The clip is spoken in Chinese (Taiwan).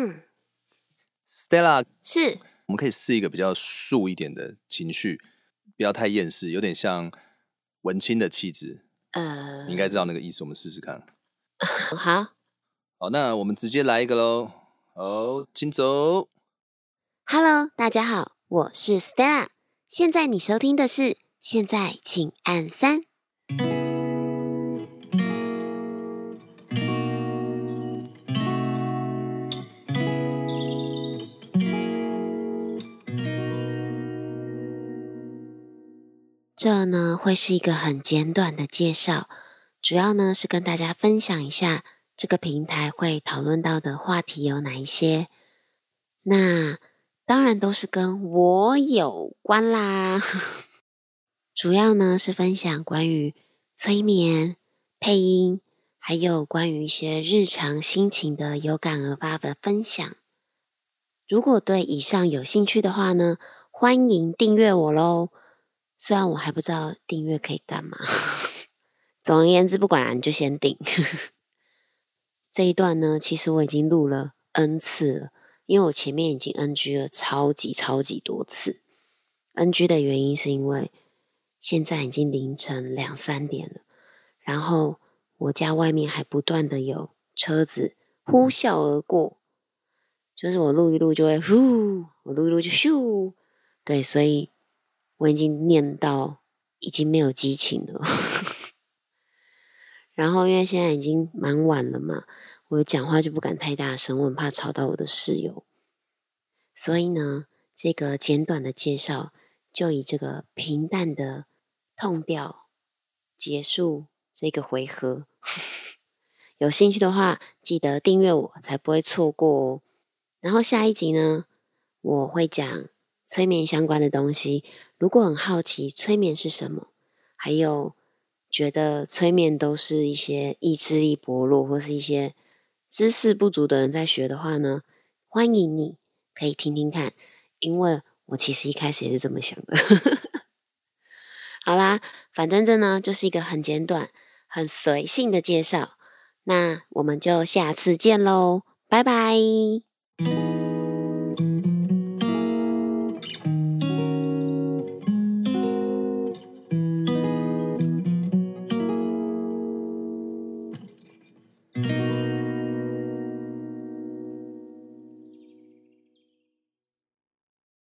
嗯，Stella 是，我們可以試一個比較素一點的情緒，不要太厭世，有點像文青的氣質。呃，你應該知道那個意思，我們試試看。呃、好，好，那我們直接來一個嘍。好，請走。Hello，大家好，我是 Stella，現在你收聽的是，現在請按三。這呢會是一個很簡短的介紹，主要呢是跟大家分享一下這個平台會討論到的話題有哪一些。那當然都是跟我有關啦， 主要呢是分享關於催眠、配音，還有關於一些日常心情的有感而發的分享。如果對以上有興趣的話呢，歡迎訂閱我嘍。雖然我還不知道訂閱可以幹嘛，總而言之，不管你就先訂。這一段呢，其實我已經錄了 N 次了，因為我前面已經 NG 了超級超級多次。NG 的原因是因為現在已經凌晨兩三點了，然後我家外面還不斷的有車子呼嘯而過，就是我錄一錄就會呼，我錄一錄就咻，對，所以。我已經念到已經沒有激情了，然後因為現在已經蠻晚了嘛，我講話就不敢太大聲，我很怕吵到我的室友。所以呢，這個簡短的介紹就以這個平淡的痛調結束這個回合。有興趣的話，記得訂閱我才不會錯過哦。然後下一集呢，我會講。催眠相關的東西，如果很好奇催眠是什麼，還有覺得催眠都是一些意志力薄弱，或是一些知識不足的人在學的話呢，歡迎你可以聽聽看，因為我其實一開始也是這麼想的。 好啦，反正這呢就是一個很簡短、很隨性的介紹，那我們就下次見嘍，拜拜。